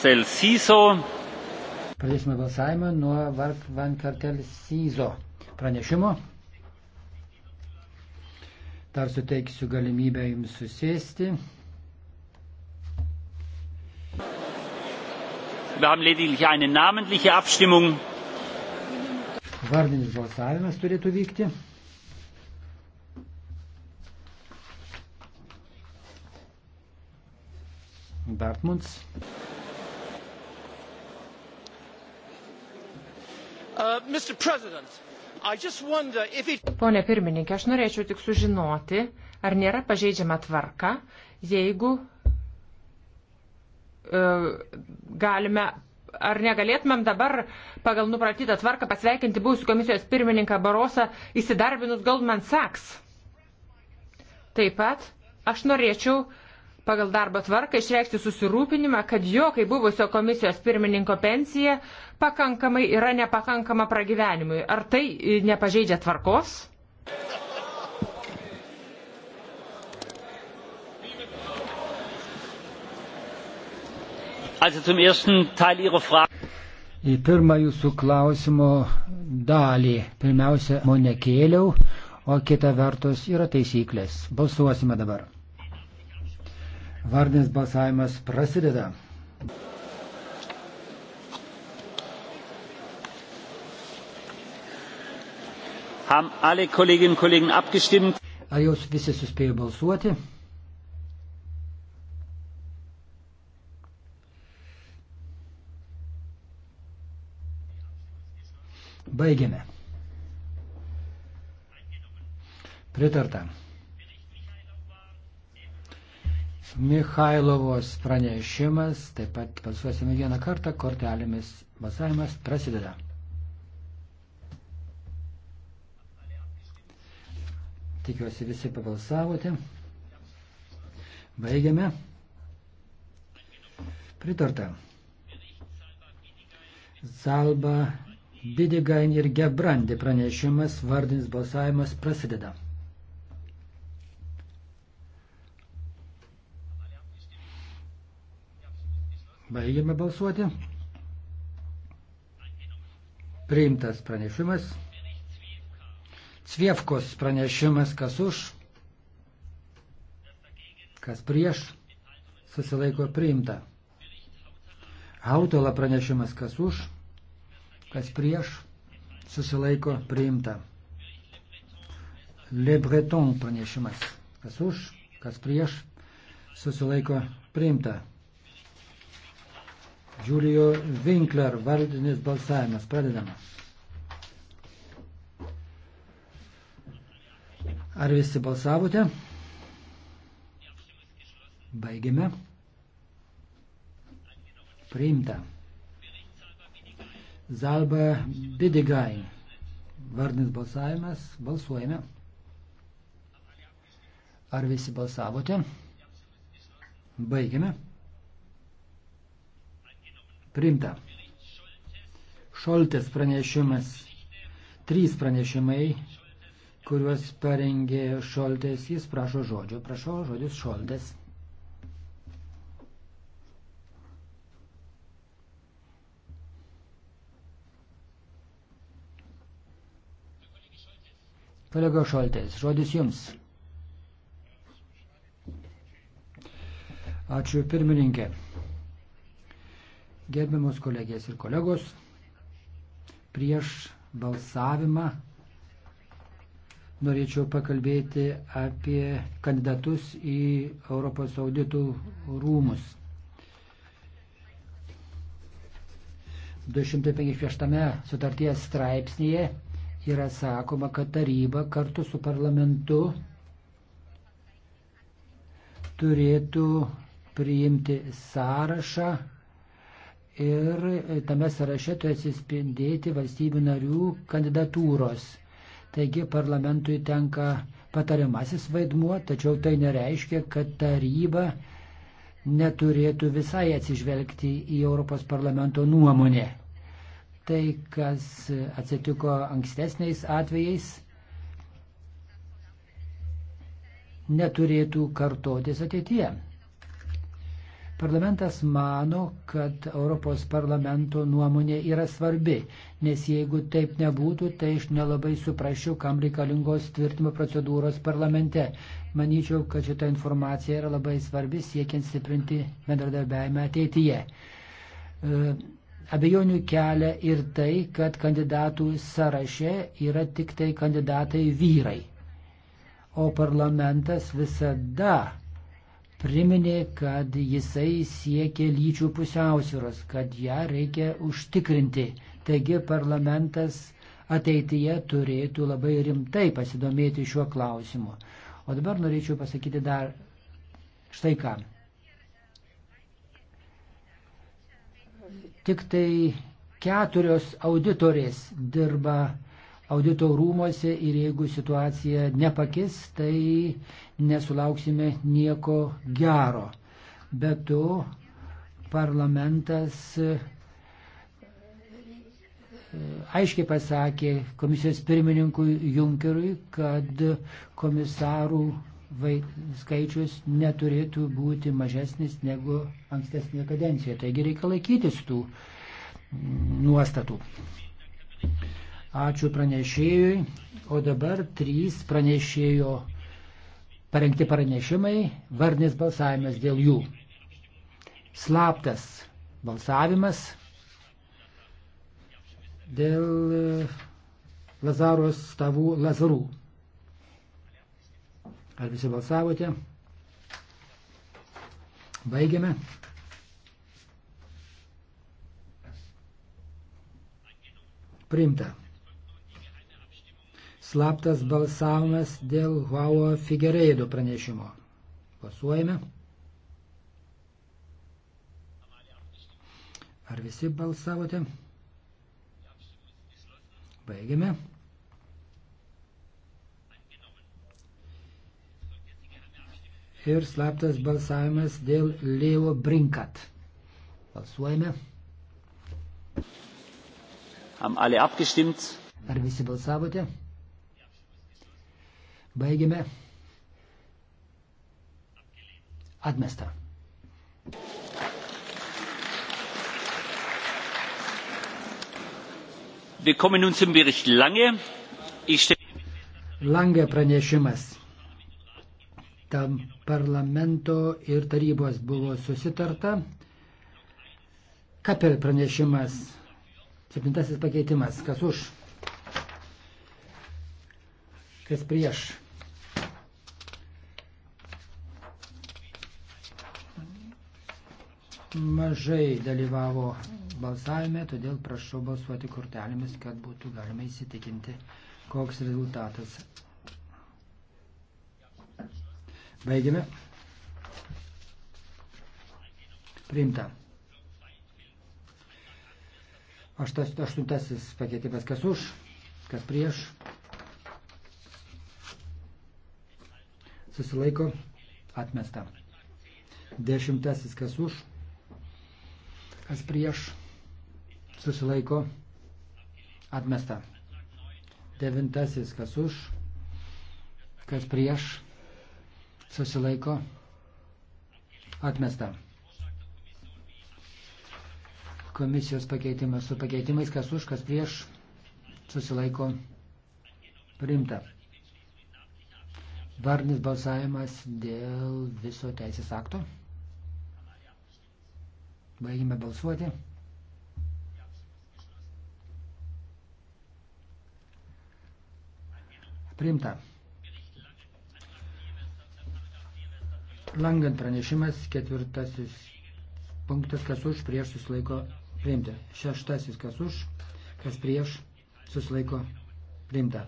Celsiso. Pradėsime balsavimą nuo Vark Van Kartel Sizo pranešimo. Dar suteiksiu galimybę jums susėsti. Wir haben lediglich eine namentliche Abstimmung. Vardinis balsavimas turėtų vykti. Dartmunds. Uh, Pone pirmininkė, aš norėčiau tik sužinoti, ar nėra pažeidžiama tvarka, jeigu uh, galime. Ar negalėtumėm dabar pagal nupratytą tvarką pasveikinti buvusių komisijos pirmininką Barosą įsidarbinus Goldman Sachs? Taip pat aš norėčiau uh, pagal darbo tvarką išreikšti susirūpinimą, kad jo, kaip buvusio komisijos pirmininko pensija, pakankamai yra nepakankama pragyvenimui. Ar tai e, nepažeidžia tvarkos? Į pirmą jūsų klausimo dalį pirmiausia, mo nekėliau, o kita vertus yra taisyklės. Balsuosime dabar. Vardinis balsavimas prasideda. Ar jūs visi suspėjo balsuoti? Baigiame. Pritarta. Mikhailovos pranešimas, taip pat balsuosime vieną kartą, kortelėmis balsavimas prasideda. Tikiuosi visi pabalsavote. Baigiame. Pritarta. Zalba Bidigain ir Gebrandi pranešimas, vardinis balsavimas prasideda. Baigiame balsuoti. Priimtas pranešimas. Cviefkos pranešimas, kas už, kas prieš, susilaiko priimta. Autola pranešimas, kas už, kas prieš, susilaiko priimta. Le Breton pranešimas, kas už, kas prieš, susilaiko priimta. Julio Winkler vardinis balsavimas. Pradedama. Ar visi balsavote? Baigiame. Priimta. Zalba Bidigai. Vardinis balsavimas. Balsuojame. Ar visi balsavote? Baigiame. Primta. Šoltės pranešimas. Trys pranešimai, kuriuos parengė Šoltės. Jis prašo žodžio. Prašau, žodis Šoltės. Kolega Šoltės, žodis jums. Ačiū pirmininkė. Gerbiamos kolegės ir kolegos, prieš balsavimą norėčiau pakalbėti apie kandidatus į Europos auditų rūmus. 256 sutarties straipsnėje yra sakoma, kad taryba kartu su parlamentu turėtų priimti sąrašą ir e, tame sąraše turi atsispindėti valstybių narių kandidatūros. Taigi parlamentui tenka patariamasis vaidmuo, tačiau tai nereiškia, kad taryba neturėtų visai atsižvelgti į Europos parlamento nuomonę. Tai, kas atsitiko ankstesniais atvejais, neturėtų kartotis ateityje. Parlamentas mano, kad Europos parlamento nuomonė yra svarbi, nes jeigu taip nebūtų, tai aš nelabai suprasčiau, kam reikalingos tvirtimo procedūros parlamente. Manyčiau, kad šita informacija yra labai svarbi siekiant stiprinti bendradarbiavimą ateityje. E, abejonių kelia ir tai, kad kandidatų sąraše yra tik tai kandidatai vyrai. O parlamentas visada priminė, kad jisai siekia lyčių pusiausvyros, kad ją reikia užtikrinti. Taigi parlamentas ateityje turėtų labai rimtai pasidomėti šiuo klausimu. O dabar norėčiau pasakyti dar štai ką. Tik tai keturios auditorės dirba audito rūmose ir jeigu situacija nepakis, tai nesulauksime nieko gero. Be to, parlamentas e, aiškiai pasakė komisijos pirmininkui Junkerui, kad komisarų skaičius neturėtų būti mažesnis negu ankstesnėje kadencijoje. Taigi reikia laikytis tų nuostatų. Ačiū pranešėjui. O dabar trys pranešėjo parengti pranešimai, vardinis balsavimas dėl jų. Slaptas balsavimas dėl e, Lazaros stavų Lazarų. Ar visi balsavote? Baigiame. Priimta slaptas balsavimas dėl Huavo Figereido pranešimo. Pasuojame. Ar visi balsavote? Baigiame. Ir slaptas balsavimas dėl Leo Brinkat. Balsuojame. Am alle abgestimmt? Ar visi balsavote? Baigėme. Atmesta. Wir kommen nun zum Bericht Lange. Ich Lange pranešimas. Tam parlamento ir tarybos buvo susitarta. Kapel pranešimas. Septintasis pakeitimas. Kas už? Kas prieš? mažai dalyvavo balsavime, todėl prašau balsuoti kortelėmis, kad būtų galima įsitikinti, koks rezultatas. Baigiame. Priimta. Aštas, aštuntasis pakeitimas, kas už, kas prieš. Susilaiko, atmesta. Dešimtasis, kas už, kas prieš susilaiko atmesta. Devintasis, kas už, kas prieš susilaiko atmesta. Komisijos pakeitimas su pakeitimais, kas už, kas prieš susilaiko priimta. Varnis balsavimas dėl viso teisės akto. Baigime balsuoti. Priimta. Langant pranešimas, ketvirtasis punktas, kas už, prieš susilaiko priimta. Šeštasis, kas už, kas prieš susilaiko priimta.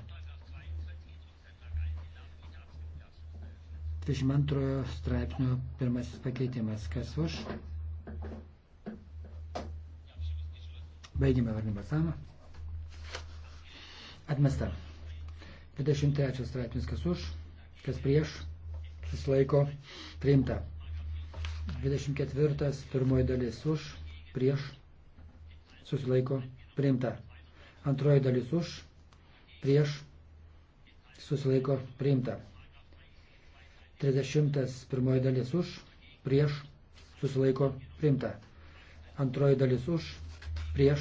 22 straipsnio pirmasis pakeitimas, kas už, Baigime varnį balsavimą. Atmesta. 23 straipsnis kas už, kas prieš, susilaiko, priimta. 24 pirmoji dalis už, prieš, susilaiko, priimta. Antroji dalis už, prieš, susilaiko, priimta. 30 pirmoji dalis už, prieš, susilaiko, priimta. Antroji dalis už, prieš,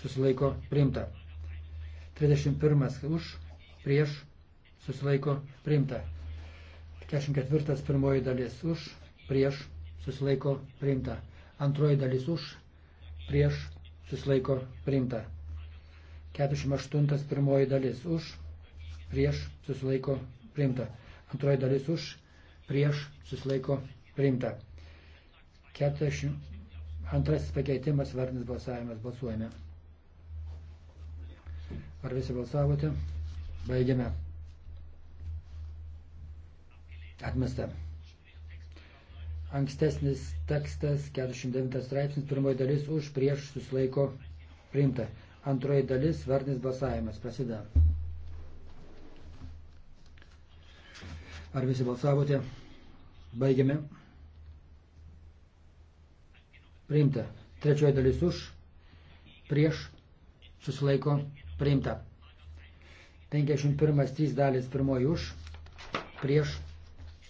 susilaiko priimta. 31 už, prieš, susilaiko priimta. 44 pirmoji dalis už, prieš, susilaiko priimta. Antroji dalis už, prieš, susilaiko priimta. 48 pirmoji dalis už, prieš, susilaiko priimta. Antroji dalis už, prieš, susilaiko priimta. 40 Antrasis pakeitimas, vardinis balsavimas, balsuojame. Ar visi balsavote? Baigiame. Atmesta. Ankstesnis tekstas, 49 straipsnis, pirmoji dalis už prieš susilaiko priimta. Antroji dalis, vardinis balsavimas, prasideda. Ar visi balsavote? Baigiame priimta. Trečioji dalis už, prieš, susilaiko, priimta. 51. Trys dalis pirmoji už, prieš,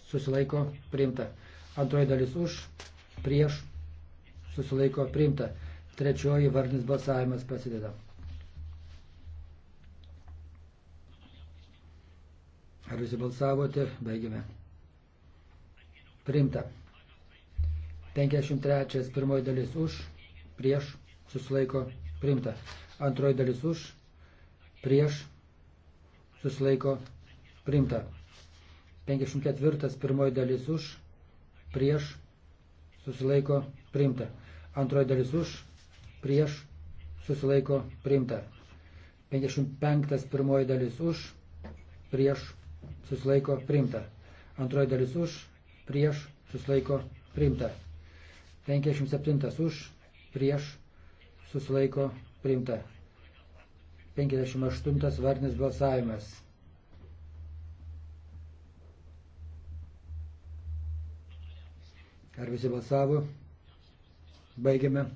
susilaiko, priimta. Antroji dalis už, prieš, susilaiko, priimta. Trečioji vardinis balsavimas prasideda. Ar visi balsavote? Baigime. Priimta. 53 pirmoji dalis už, prieš, susilaiko, priimta. Antroji dalis už, prieš, susilaiko, priimta. 54 pirmoji dalis už, prieš, susilaiko, priimta. Antroji dalis už, prieš, susilaiko, priimta. 55 pirmoji dalis už, prieš, susilaiko, priimta. Antroji dalis už, prieš, susilaiko, priimta. 57 už, prieš, susilaiko priimta. 58 vardinis balsavimas. Ar visi balsavo? Baigiame.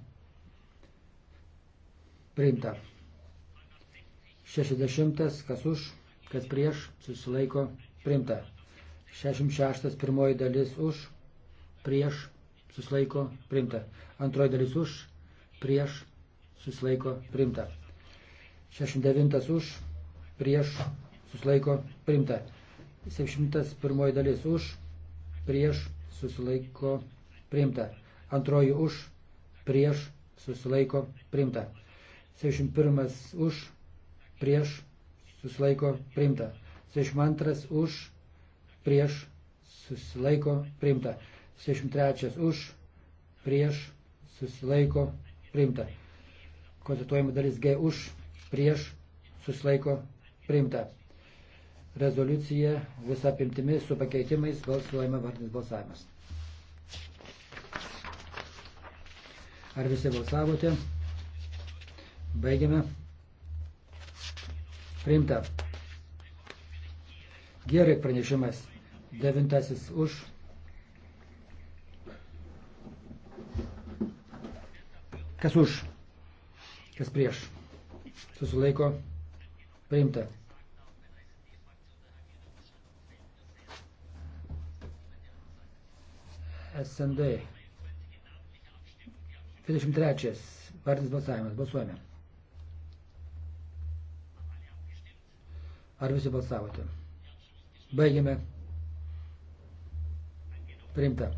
Priimta. 60, kas už, kas prieš, susilaiko, priimta. 66, pirmoji dalis už, prieš, susilaiko primta. Antroji dalis už, prieš, susilaiko primta. 69 už, prieš, susilaiko primta. 701 dalis už, prieš, susilaiko primta. Antroji už, prieš, susilaiko primta. 71 už, prieš, susilaiko primta. 72 už, prieš, susilaiko primta. 63 už, prieš, susilaiko, priimta. Konstatuojama dalis G už, prieš, susilaiko, priimta. Rezoliucija visą apimtimi su pakeitimais balsuojama vardinis balsavimas. Ar visi balsavote? Baigiame. Priimta. Gerai pranešimas. Devintasis už Kas už? Kas prieš? Susilaiko. Priimta. SND. 23. Partinis balsavimas. Balsuojame. Ar visi balsavote? Baigiame. Priimta.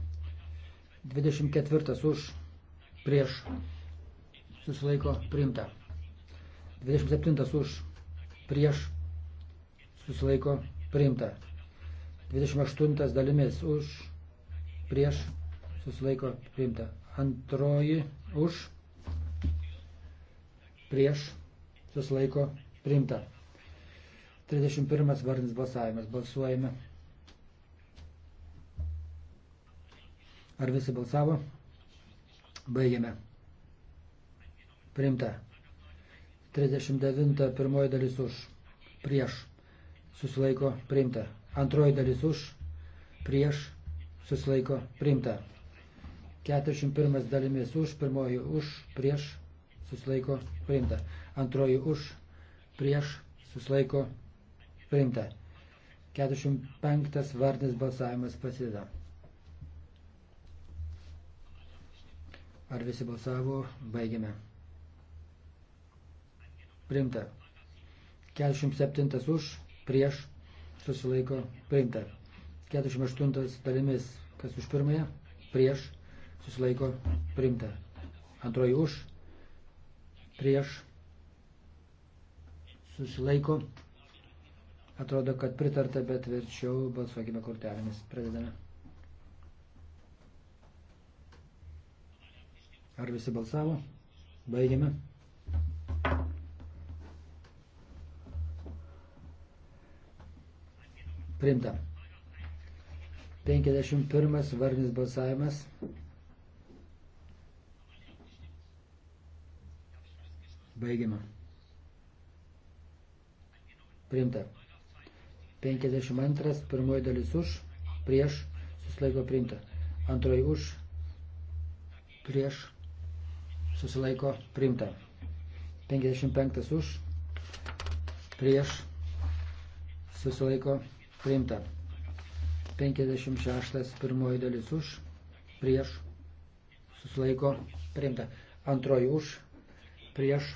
24 už prieš susilaiko priimta. 27 už prieš susilaiko priimta. 28 dalimis už prieš susilaiko priimta. Antroji už prieš susilaiko priimta. 31 vardinis balsavimas. Balsuojame. Ar visi balsavo? Baigiame. Priimta. 39 pirmoji dalis už. Prieš. Susilaiko. Priimta. Antroji dalis už. Prieš. Susilaiko. Priimta. 41 dalimis už. Pirmoji už. Prieš. Susilaiko. Priimta. Antroji už. Prieš. Susilaiko. Priimta. 45 vardinis balsavimas prasideda. Ar visi balsavo? Baigiame priimta. 47 už, prieš, susilaiko, priimta. 48 dalimis, kas už pirmąją, prieš, susilaiko, priimta. Antroji už, prieš, susilaiko, atrodo, kad pritarta, bet verčiau balsuokime kortelėmis. Pradedame. Ar visi balsavo? Baigiame. Primta. 51 varnis balsavimas. Baigiama. Primta. 52 pirmoji dalis už, prieš, susilaiko primta. Antroji už, prieš, susilaiko primta. 55 už, prieš, susilaiko primta priimta. 56 pirmoji dalis už, prieš, susilaiko, priimta. Antroji už, prieš,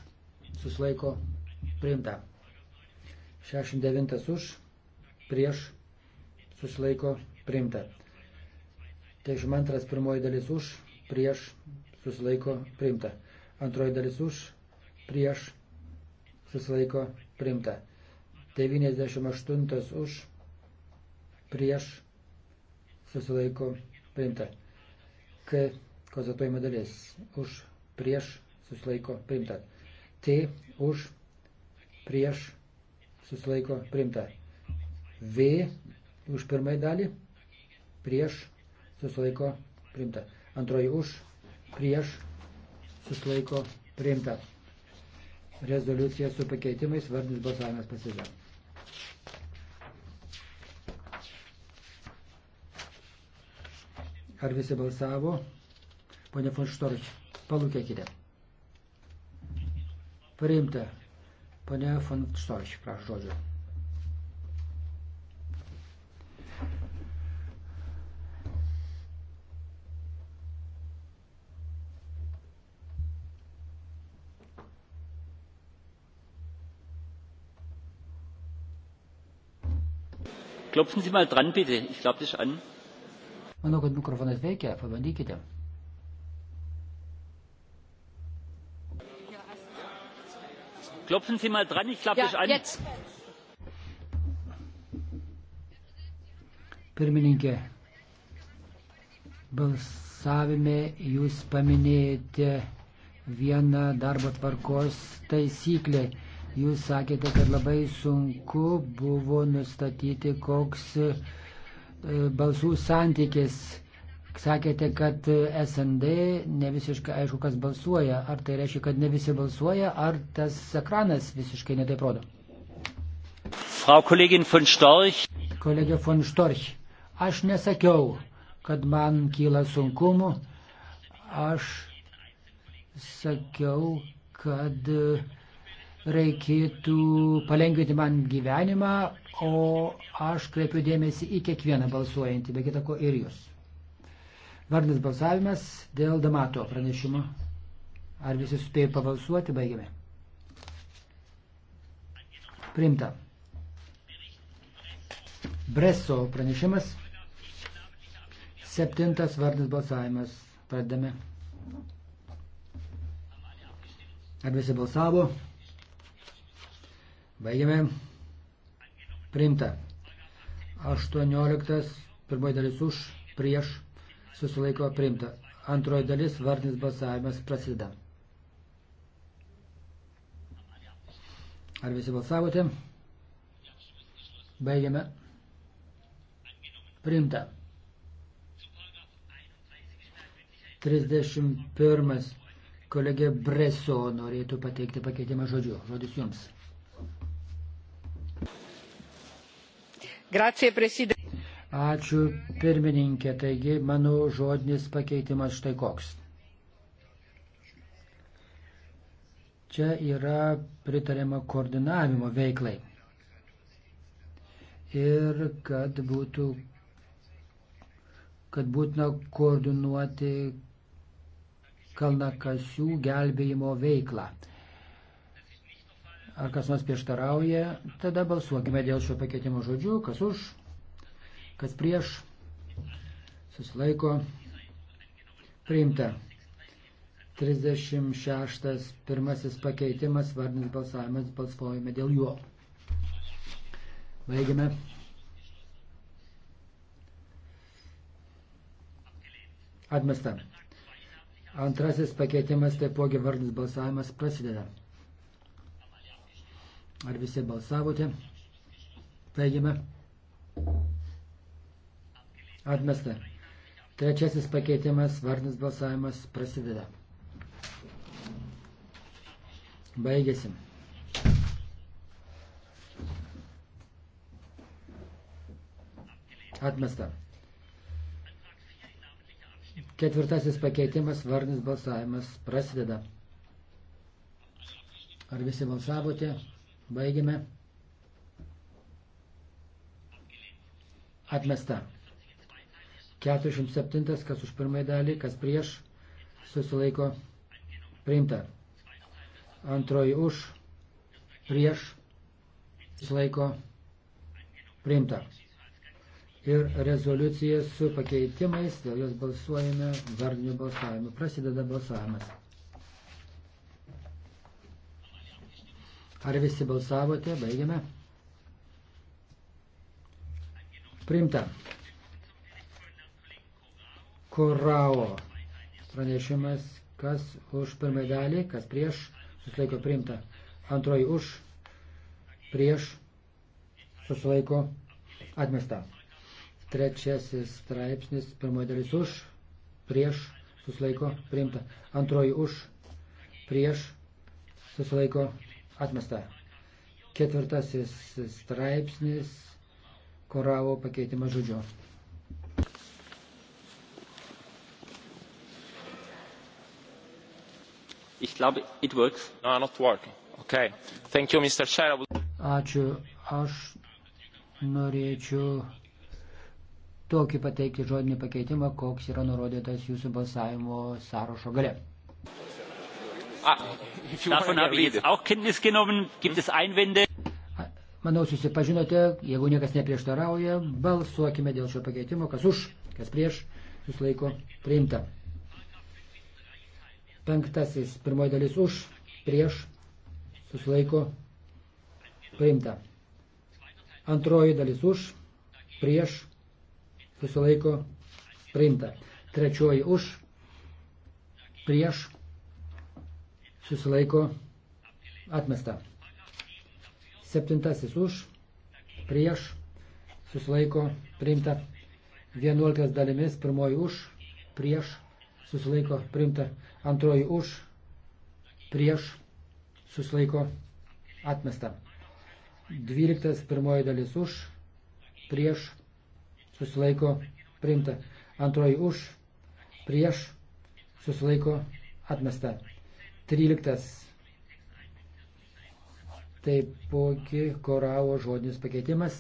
susilaiko, priimta. 69 už, prieš, susilaiko, priimta. 92 pirmoji dalis už, prieš, susilaiko, priimta. Antroji dalis už, prieš, susilaiko, priimta. 98 už, prieš susilaiko priimta. K konstatuojama dalis už prieš susilaiko priimta. T už prieš susilaiko priimta. V už pirmąją dalį prieš susilaiko priimta. Antroji už prieš susilaiko priimta. Rezoliucija su pakeitimais vardinis balsavimas pasidaro. Ar visi balsavo? Pone Fonštorič, palūkėkite. Priimta. Pone Fonštorič, prašau žodžio. Klopfen Sie mal dran, bitte. Ich glaube, das ist an. Manau, kad mikrofonas veikia, pabandykite. Klopfen Sie mal dran, ich klappe ja, dich an. Jetzt. Pirmininkė, balsavime jūs paminėjote vieną darbo tvarkos taisyklę. Jūs sakėte, kad labai sunku buvo nustatyti, koks uh, E, balsų santykis. Sakėte, kad SND ne visiškai aišku, kas balsuoja. Ar tai reiškia, kad ne visi balsuoja, ar tas ekranas visiškai netaip rodo? Frau Kollegin von Storch. Kolegė von Storch, aš nesakiau, kad man kyla sunkumų. Aš sakiau, kad uh, reikėtų palengvinti man gyvenimą, o aš kreipiu dėmesį į kiekvieną balsuojantį, be kitako ir jūs. Vardas balsavimas dėl Damato pranešimo. Ar visi suspėjo pabalsuoti? Baigiame. Primta. Breso pranešimas. Septintas vardas balsavimas. Pradedame. Ar visi balsavo? Baigiame. Priimta. 18. Pirmoji dalis už, prieš, susilaiko priimta. Antroji dalis vardinis balsavimas prasideda. Ar visi balsavote? Baigiame. Priimta. 31. Kolegė Breso norėtų pateikti pakeitimą žodžiu. Žodis jums. Grazie, prezidentė. Ačiū, pirmininkė. Taigi, mano žodinis pakeitimas štai koks. Čia yra pritariama koordinavimo veiklai. Ir kad būtų kad būtina koordinuoti kalnakasių gelbėjimo veiklą. Ar kas nors prieštarauja? Tada balsuokime dėl šio pakeitimo žodžių. Kas už? Kas prieš? Susilaiko. Priimta. 36. Pirmasis pakeitimas, vardinis balsavimas, balsuojame dėl jo. Baigiame. Atmesta. Antrasis pakeitimas, taipogi vardinis balsavimas prasideda. Ar visi balsavote? Teigiame. Atmesta. Trečiasis pakeitimas, vardinis balsavimas prasideda. Baigėsim. Atmesta. Ketvirtasis pakeitimas, vardinis balsavimas prasideda. Ar visi balsavote? Baigiame. Atmesta. 47, kas už pirmąją dalį, kas prieš, susilaiko priimta. Antroji už, prieš, susilaiko priimta. Ir rezoliucija su pakeitimais, dėl jos balsuojame vardiniu balsavimu. Prasideda balsavimas. Ar visi balsavote? Baigiame. Primta. Kurao. Pranešimas, kas už pirmąjį dalį, kas prieš, susilaiko primta. Antroji už, prieš, susilaiko atmesta. Trečiasis straipsnis, pirmoji dalis už, prieš, susilaiko primta. Antroji už, prieš, susilaiko atmesta. Ketvirtasis straipsnis koravo pakeitimą žodžio. Ich glaube, it works. No, not working. Okay. Thank you, Mr. Chair. Ačiū. Aš norėčiau tokį pateikti žodinį pakeitimą, koks yra nurodytas jūsų balsavimo sąrašo gale. Ah, davon habe ich jetzt auch Kenntnis genommen. Gibt hm? es Einwände? Manau, susipažinote, jeigu niekas neprieštarauja, balsuokime dėl šio pakeitimo, kas už, kas prieš, susilaiko priimta. Penktasis, pirmoji dalis už, prieš, susilaiko priimta. Antroji dalis už, prieš, susilaiko priimta. Trečioji už, prieš, susilaiko atmesta. Septintasis už, prieš, susilaiko priimta. Vienuoltas dalimis, pirmoji už, prieš, susilaiko priimta. Antroji už, prieš, susilaiko atmesta. Dvyliktas, pirmoji dalis už, prieš, susilaiko priimta. Antroji už, prieš, susilaiko atmesta. 13. Taipogi koravo žodinis pakeitimas.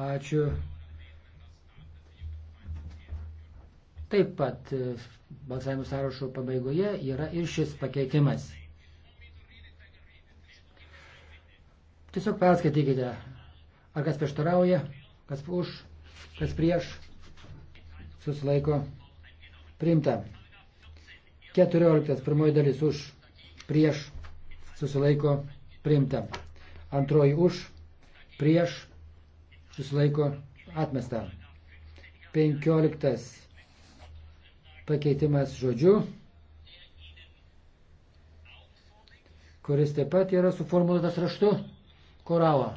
Ačiū. Taip pat e, balsavimo sąrašo pabaigoje yra ir šis pakeitimas. Tiesiog perskaitykite, ar kas prieštarauja kas už, kas prieš, susilaiko priimta. 14. Pirmoji dalis už, prieš, susilaiko priimta. Antroji už, prieš, susilaiko atmesta. 15. Pakeitimas žodžiu, kuris taip pat yra suformuotas raštu koralą.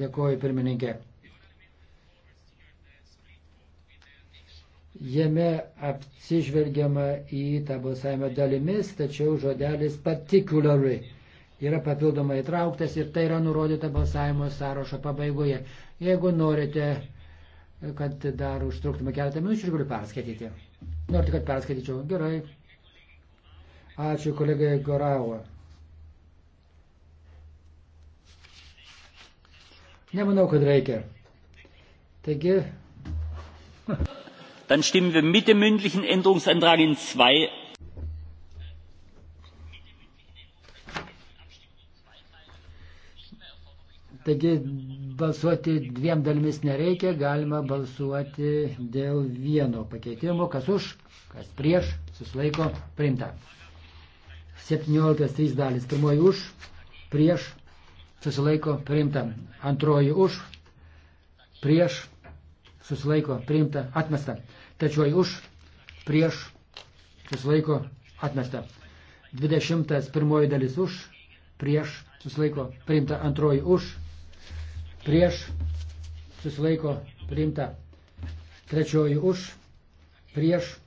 Dėkuoju, pirmininkė. Jame apsižvelgiama į tą balsavimą dalimis, tačiau žodelis particularly yra papildomai įtrauktas ir tai yra nurodyta balsavimo sąrašo pabaigoje. Jeigu norite, kad dar užtruktume keletą minučių, aš galiu perskaityti. Norite, kad perskaityčiau? Gerai. Ačiū kolegai Goravo. Nemanau, kad reikia. Taigi. Dann stimmen wir mit dem mündlichen Änderungsantrag in zwei. Taigi balsuoti dviem dalimis nereikia, galima balsuoti dėl vieno pakeitimo, kas už, kas prieš, susilaiko, priimta. 17.3 dalis, pirmoji už, prieš, susilaiko priimta. Antroji už, prieš, susilaiko priimta, atmesta. Trečioji už, prieš, susilaiko atmesta. 21 dalis už, prieš, susilaiko priimta. Antroji už, prieš, susilaiko priimta. Trečioji už, prieš,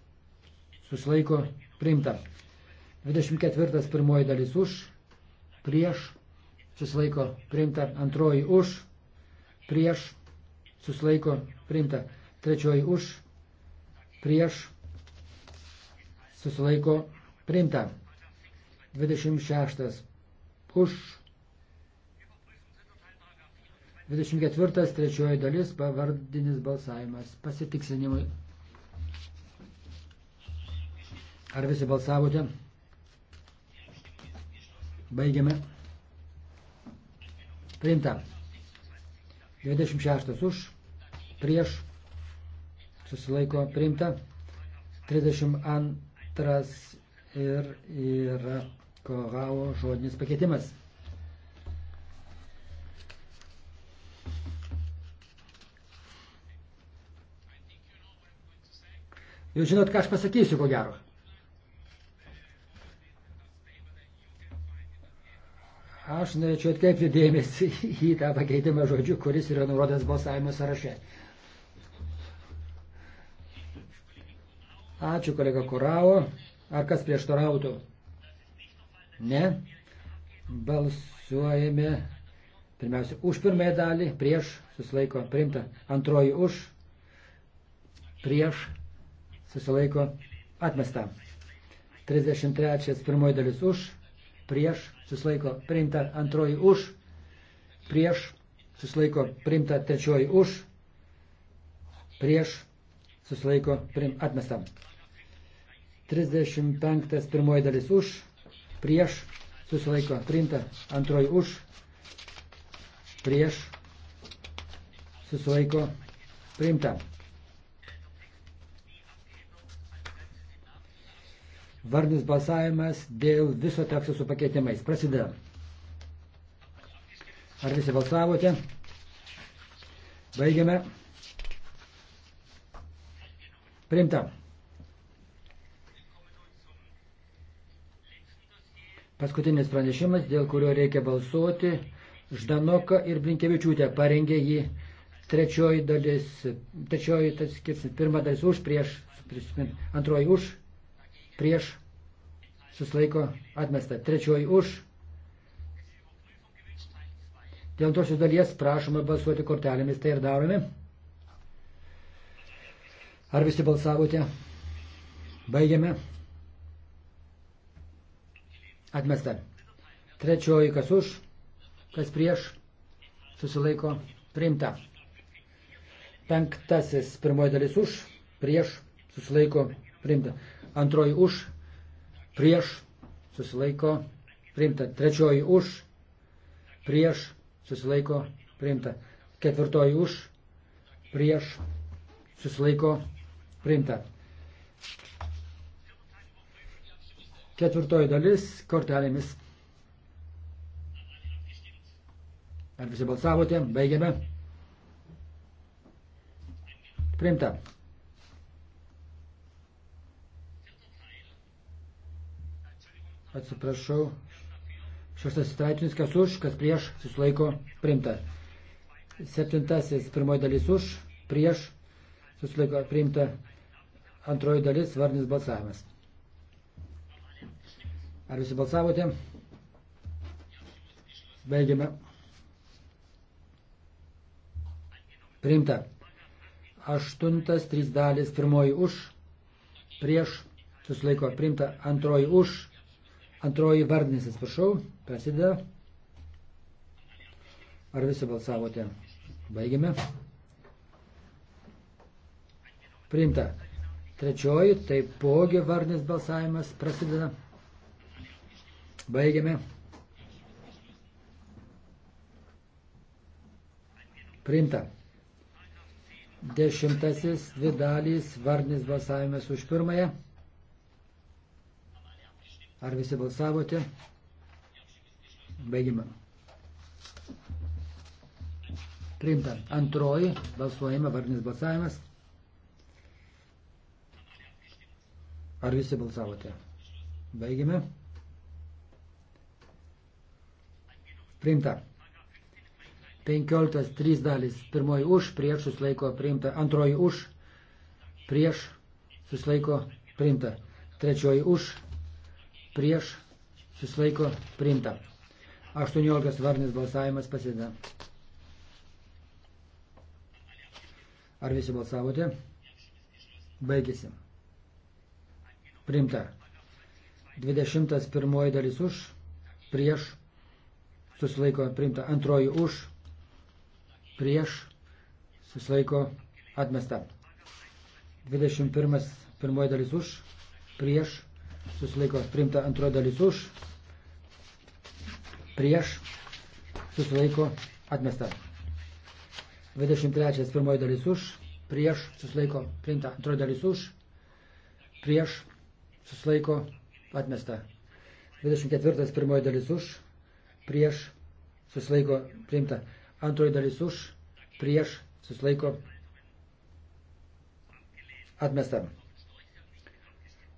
susilaiko priimta. 24 pirmoji dalis už, prieš, susilaiko priimta, antroji už, prieš, susilaiko priimta, trečioji už, prieš, susilaiko priimta. 26 už, 24 trečioji dalis pavardinis balsavimas pasitiksinimui. Ar visi balsavote? Baigiame. Priimta. 26 už, prieš, susilaiko priimta. 32 ir yra koravo žodinis pakeitimas. Jūs žinot, ką aš pasakysiu, ko gero. Aš norėčiau atkreipti dėmesį į tą pakeitimą žodžių, kuris yra nurodas balsavimo sąraše. Ačiū, kolega Korao. Ar kas prieštarautų? Ne. Balsuojame pirmiausia už pirmąją dalį, prieš, susilaiko, priimta. Antroji už, prieš, susilaiko, atmesta. 33 pirmoji dalis už, prieš, susilaiko priimta antroji už, prieš, susilaiko priimta trečioji už, prieš, susilaiko prim, atmesta. 35 pirmoji dalis už, prieš, susilaiko priimta antroji už, prieš, susilaiko priimta. Vardinis balsavimas dėl viso teksto su pakeitimais. Prasideda. Ar visi balsavote? Baigiame. Priimta. Paskutinis pranešimas, dėl kurio reikia balsuoti. Ždanoka ir Blinkevičiūtė parengė jį trečioji dalis, trečioji, tas skirsis, pirma dalis už, prieš, antroji už, prieš, susilaiko atmesta. Trečioji už. Dėl tos dalies prašoma balsuoti kortelėmis, tai ir darome. Ar visi balsavote? Baigiame. Atmesta. Trečioji kas už, kas prieš, susilaiko priimta. Penktasis pirmoji dalis už, prieš, susilaiko priimta. Antroji už, prieš, susilaiko, priimta. Trečioji už, prieš, susilaiko, priimta. Ketvirtoji už, prieš, susilaiko, priimta. Ketvirtoji dalis kortelėmis. Ar visi balsavote? Baigiame. Priimta. atsiprašau, šeštas straipsnis, kas už, kas prieš, susilaiko priimta. Septintasis, pirmoji dalis už, prieš, susilaiko priimta. Antroji dalis, vardinis balsavimas. Ar visi balsavote? Baigiame. Priimta. Aštuntas, trys dalis, pirmoji už, prieš, susilaiko priimta, antroji už, Antroji vardinis, atsiprašau, prasideda. Ar visi balsavote? Baigiame. Priimta. Trečioji, taipogi vardinis balsavimas prasideda. Baigiame. Priimta. Dešimtasis dvi dalys vardinis balsavimas už pirmąją. Ar visi balsavote? Baigime. Priimta. Antroji balsuojama vardinis balsavimas. Ar visi balsavote? Baigime. Priimta. 15, 3 dalis. Pirmoji už, prieš susilaiko priimta. Antroji už, prieš susilaiko priimta. Trečioji už, prieš susilaiko priimta. 18 varnis balsavimas pasideda. Ar visi balsavote? Baigėsi. Priimta. 21 dalis už, prieš, susilaiko priimta. Antroji už, prieš, susilaiko atmesta. 21 pirmoji dalis už, prieš, susilaiko priimta antroji dalis už, prieš, susilaiko atmesta. 23 pirmoji dalis už, prieš, susilaiko priimta antroji dalis už, prieš, susilaiko atmesta. 24 pirmoji dalis už, prieš, susilaiko priimta antroji dalis už, prieš, susilaiko atmesta.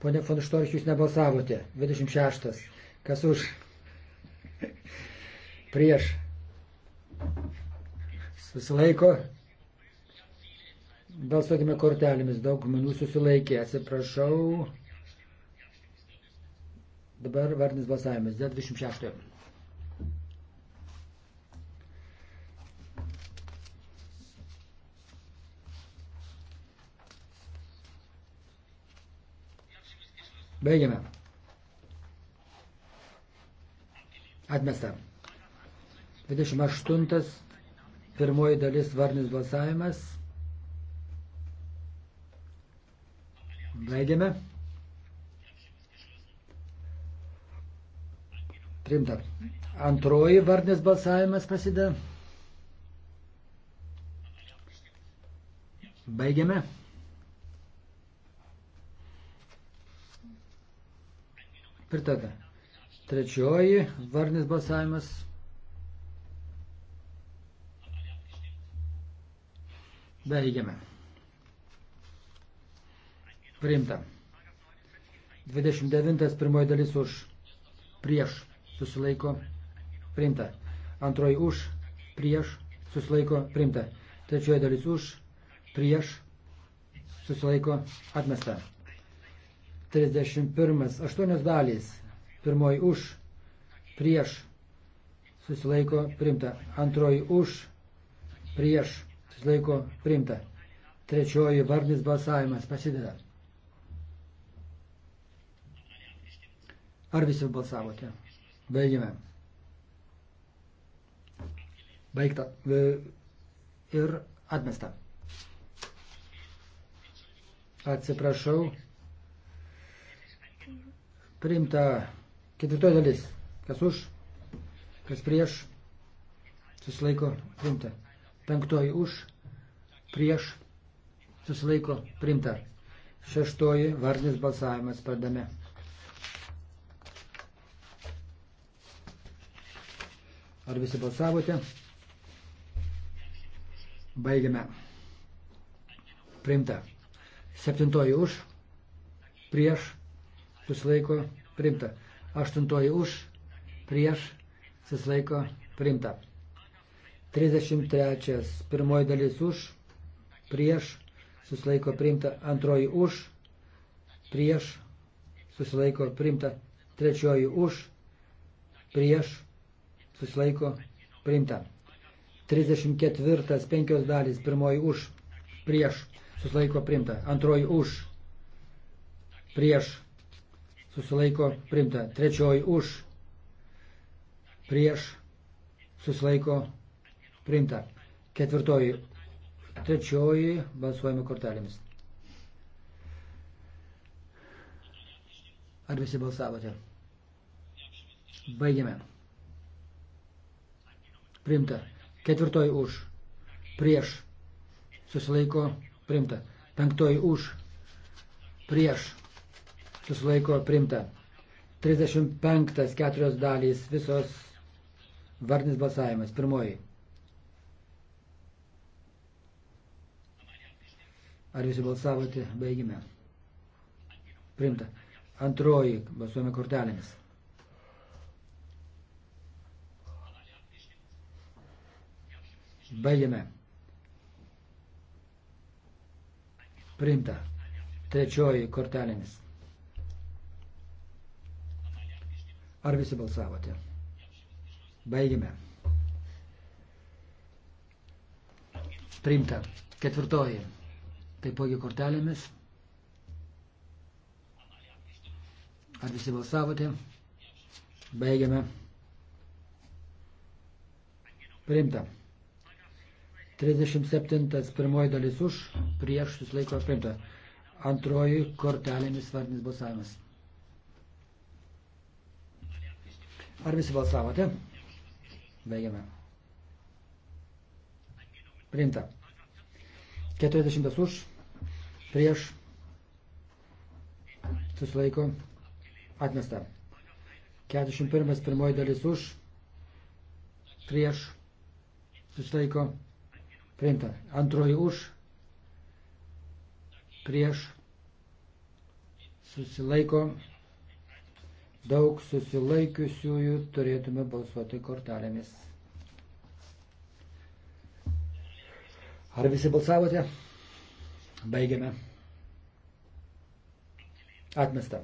Pone Fonuštovičius, jūs nebalsavote. 26. Kas už? Prieš. Susilaiko. Balsuokime kortelėmis. Daug žmonių susilaikė. Atsiprašau. Dabar vardinis balsavimas. Dėl 26. Baigiame. Atmesta. 28. Pirmoji dalis varnis balsavimas. Baigiame. Primta. Antroji varnis balsavimas prasideda. Baigiame. Pritarta. Trečioji varnis balsavimas. Baigiame. Priimta. 29. pirmoji dalis už prieš susilaiko priimta. Antroji už prieš susilaiko priimta. Trečioji dalis už prieš susilaiko atmesta. 31. Aštuonios dalys. Pirmoji už, prieš, susilaiko primta. Antroji už, prieš, susilaiko primta. Trečioji vardinis balsavimas prasideda. Ar visi balsavote? Baigime. Baigta. Ir atmesta. Atsiprašau. Priimta ketvirtoji dalis. Kas už, kas prieš, susilaiko priimta. Penktoji už, prieš, susilaiko priimta. Šeštoji vardinis balsavimas pradame. Ar visi balsavote? Baigiame. Priimta. Septintoji už, prieš, susilaiko priimta. Aštuntoji už, prieš, susilaiko priimta. 33. Pirmoji dalis už, prieš, susilaiko priimta. Antroji už, prieš, susilaiko priimta. Trečioji už, prieš, susilaiko priimta. 34. Penkios dalys. Pirmoji už, prieš, susilaiko priimta. Antroji už, prieš, susilaiko primta. Trečioji už, prieš, susilaiko primta. Ketvirtoji, trečioji balsuojame kortelėmis. Ar visi balsavote? Baigiame. Primta. Ketvirtoji už, prieš, susilaiko primta. Penktoji už, prieš, susilaiko primta. 35 keturios dalys visos vardinis balsavimas. Pirmoji. Ar visi balsavote? Baigime. Primta. Antroji balsuojame kortelėmis. Baigėme. Primta. Trečioji kortelėmis. Ar visi balsavote? Baigime. Priimta. Ketvirtoji. Taipogi kortelėmis. Ar visi balsavote? Baigiame. Priimta. 37. Pirmoji dalis už, prieš susilaiko priimta. Antroji kortelėmis vardinis balsavimas. Ar visi balsavote? Baigiame. Priimta. 40 už, prieš, susilaiko, atmesta. 41 pirmoji dalis už, prieš, susilaiko, priimta. Antroji už, prieš, susilaiko, priimta daug susilaikiusiųjų turėtume balsuoti kortelėmis. Ar visi balsavote? Baigiame. Atmesta.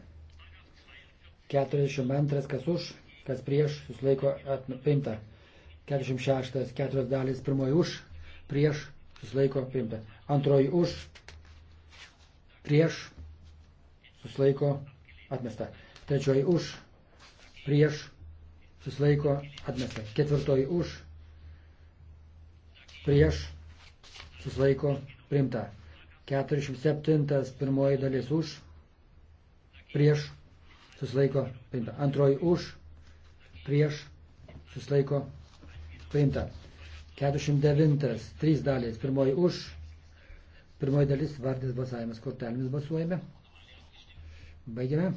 42 kas už, kas prieš, susilaiko atpinta. 46, 4 dalis, pirmoji už, prieš, susilaiko priimta. Antroji už, prieš, susilaiko atmesta. Trečioji už, prieš, susilaiko, atmesta. Ketvirtoji už, prieš, susilaiko, primta. 47. Pirmoji dalis už, prieš, susilaiko, primta. Antroji už, prieš, susilaiko, primta. 49. Trys dalys. Pirmoji už, pirmoji dalis vardės balsavimas kortelėmis balsuojame. Baigiame.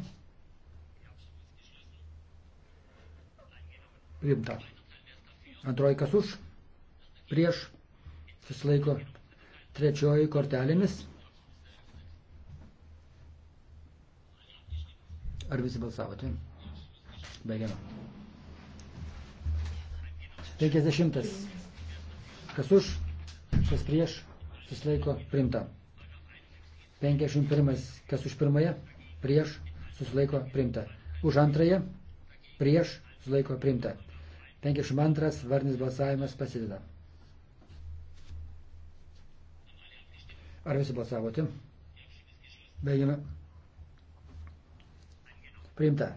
priimta. Antroji kas už, prieš, susilaiko trečioji kortelėmis. Ar visi balsavote? Baigiame. 50. Kas už, kas prieš, susilaiko primta. 51. Kas už pirmąją, prieš, susilaiko primta. Už antrąją, prieš, susilaiko primta. 52 varnis balsavimas pasideda. Ar visi balsavote? Baigime. Priimta.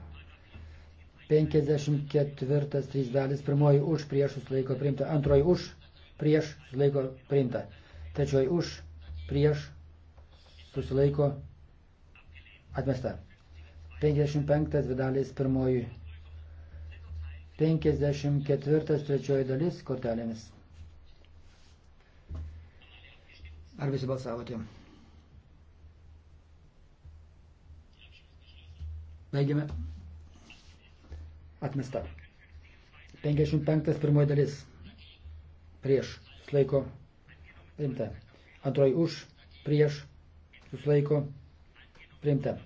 54 trys dalis, pirmoji už, prieš susilaiko priimta, antroji už, prieš susilaiko priimta, trečioji už, prieš susilaiko atmesta. 55 dvi dalis, pirmoji 54 trečioji dalis kortelėmis. Ar visi balsavote? Baigiame. Atmesta. 55 pirmoji dalis. Prieš. Suslaiko. Priimta. Antroji už. Prieš. Suslaiko. Priimta.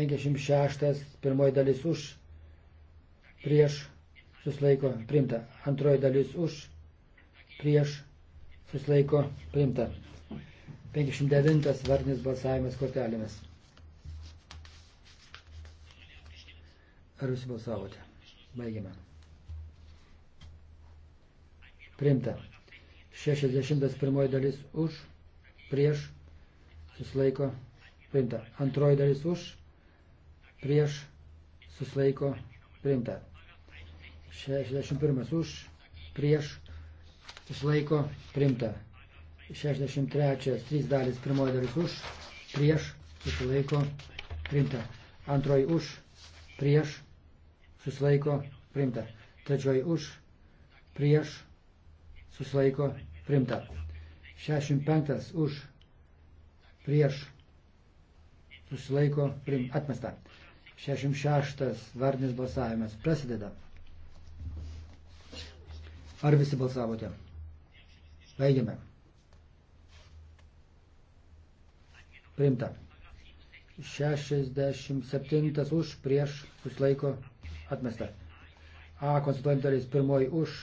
56 pirmoji dalis už. Prieš susilaiko priimta. Antroji dalis už, prieš, susilaiko priimta. 59 vardinis balsavimas kortelėmis. Ar jūs balsavote? Baigime. Priimta. 61 dalis už, prieš, susilaiko, priimta. Antroji dalis už, prieš, susilaiko, priimta. 61 už, prieš, susilaiko, primta. 63, 3 dalis, pirmoji dalis už, prieš, susilaiko, primta. Antroji už, prieš, susilaiko, primta. Trečioji už, prieš, susilaiko, primta. 65 už, prieš, susilaiko, primta. Atmesta. 66 vardinis balsavimas prasideda. Ar visi balsavote? Baigiame. Priimta. 67 už prieš susilaiko atmesta. A konstatuojant dalis pirmoji už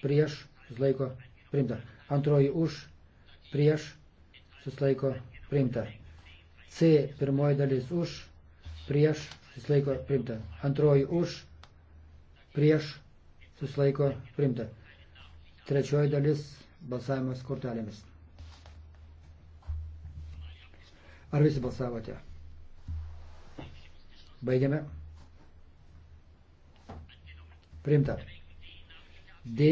prieš susilaiko priimta. Antroji už prieš susilaiko priimta. C pirmoji dalis už prieš susilaiko priimta. Antroji už prieš susilaiko priimta Trečioji dalis balsavimas kortelėmis. Ar visi balsavote? Baigiame. Primta. D.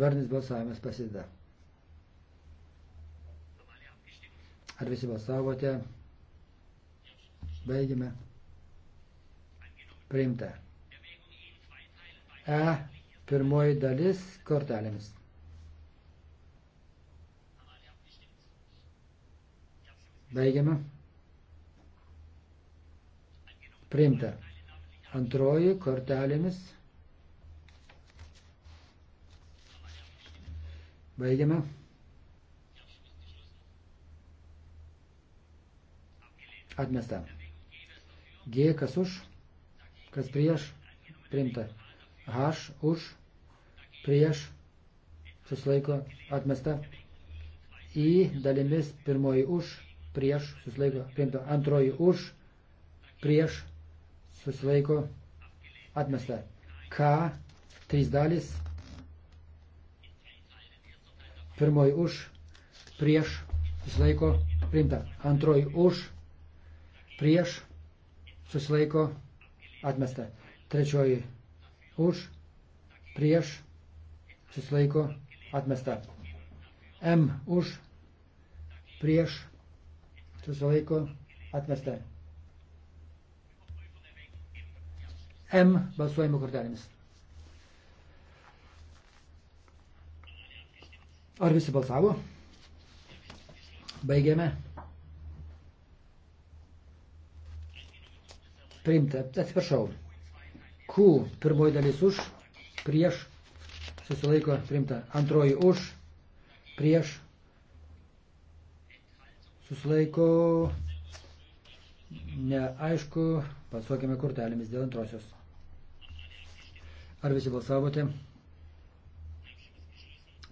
Varnis balsavimas pasideda. Ar visi balsavote? Baigiame. Primta. E Pirmoji dalis kortelėmis. Baigiame. Priimta. Antroji kortelėmis. Baigiame. Atmesta. G, kas už, kas prieš, priimta. H už, prieš, susilaiko atmesta. Į dalimis pirmoji už, prieš, susilaiko priimta. Antroji už, prieš, susilaiko atmesta. K, trys dalis. Pirmoji už, prieš, susilaiko priimta. Antroji už, prieš, susilaiko atmesta. Trečioji už, prieš, susilaiko, atmesta. M už, prieš, susilaiko, atmesta. M balsuojimo kortelėmis. Ar visi balsavo? Baigiame. Priimta. Atsiprašau. Q. Pirmoji dalis už, prieš, susilaiko primta. Antroji už, prieš, susilaiko, neaišku, pasuokime kortelėmis dėl antrosios. Ar visi balsavote?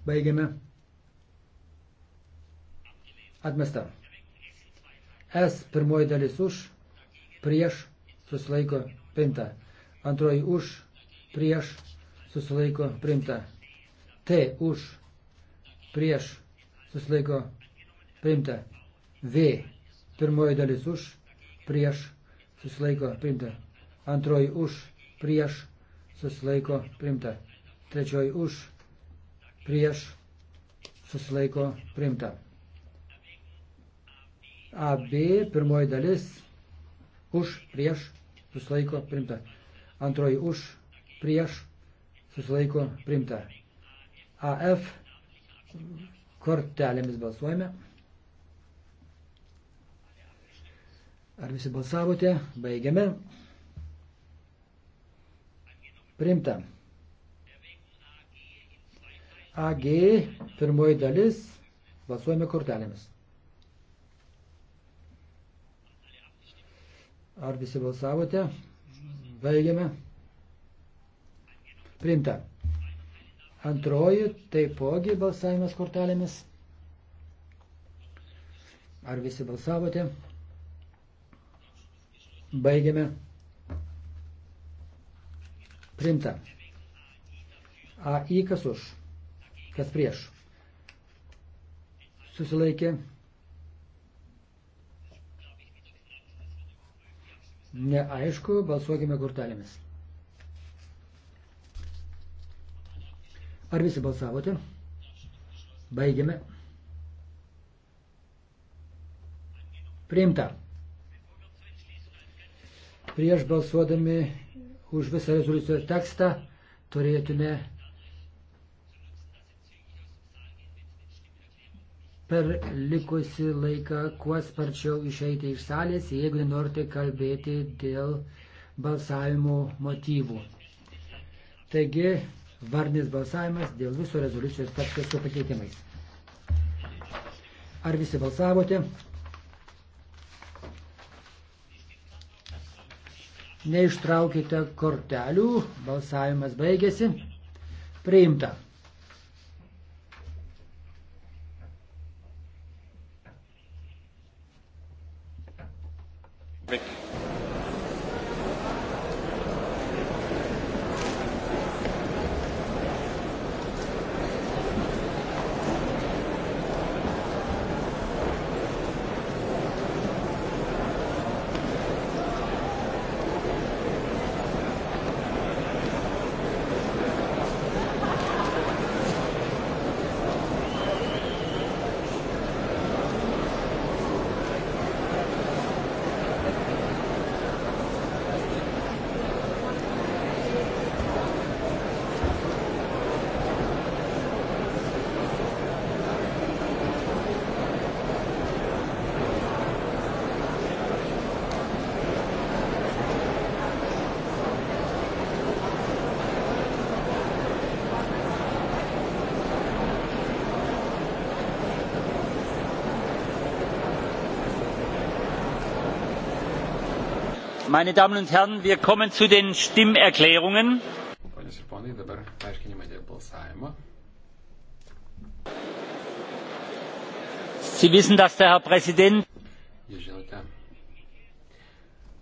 Baigiame. Atmesta. S pirmoji dalis už, prieš, susilaiko, pinta. Antroji už, prieš, susilaiko priimta. T už, prieš, susilaiko priimta. V, pirmoji dalis už, prieš, susilaiko priimta. Antroji už, prieš, susilaiko priimta. Trečioji už, prieš, susilaiko priimta. AB, pirmoji dalis, už, prieš, susilaiko priimta antroji už, prieš, susilaiko primta. AF kortelėmis balsuojame. Ar visi balsavote? Baigiame. Primta. AG pirmoji dalis balsuojame kortelėmis. Ar visi balsavote? Baigiame. Primta. Antroji taipogi balsavimas kortelėmis. Ar visi balsavote? Baigiame. Primta. AI kas už? Kas prieš? Susilaikė. Neaišku, balsuokime kortelėmis. Ar visi balsavote? Baigiame. Priimta. Prieš balsuodami už visą rezoliucijos tekstą turėtume per likusi laiką kuo sparčiau išeiti iš salės, jeigu nenorite kalbėti dėl balsavimo motyvų. Taigi, varnis balsavimas dėl viso rezoliucijos teksto su pakeitimais. Ar visi balsavote? Neištraukite kortelių, balsavimas baigėsi. Priimta. Rick. Meine Damen und Herren, wir kommen zu den Stimmerklärungen. Ponios ir ponai, dabar aiškinimai dėl balsavimo. Sie wissen, dass der Herr Präsident. Jūs žinote,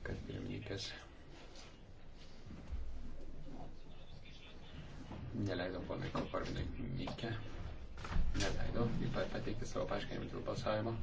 kad pirmininkas neleido ponui Koparvinui Mikė, neleido pateikti savo paaiškinimą dėl balsavimo.